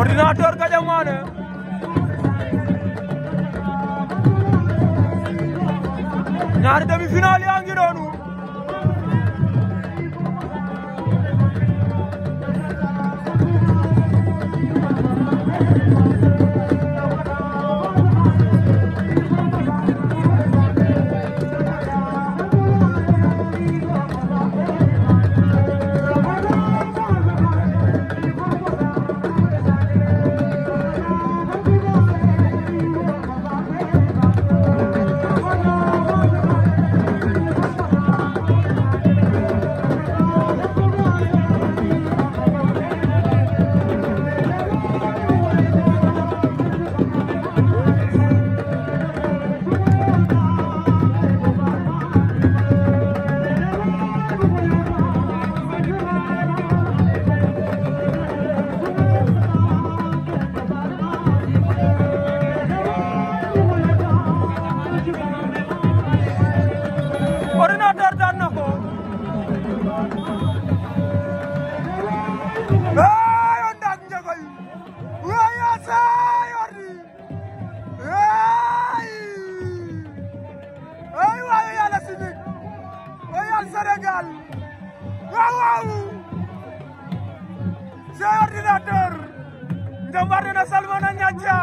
ordinateur Gandia Mané ñaari demi-finale yaa ngi noonu ayo ndak njegoy waya sa yordi ay ay wayo yàlla sinig wayal Sénégal waaw waaw c'est ordinateur njambar dina salmana ñaca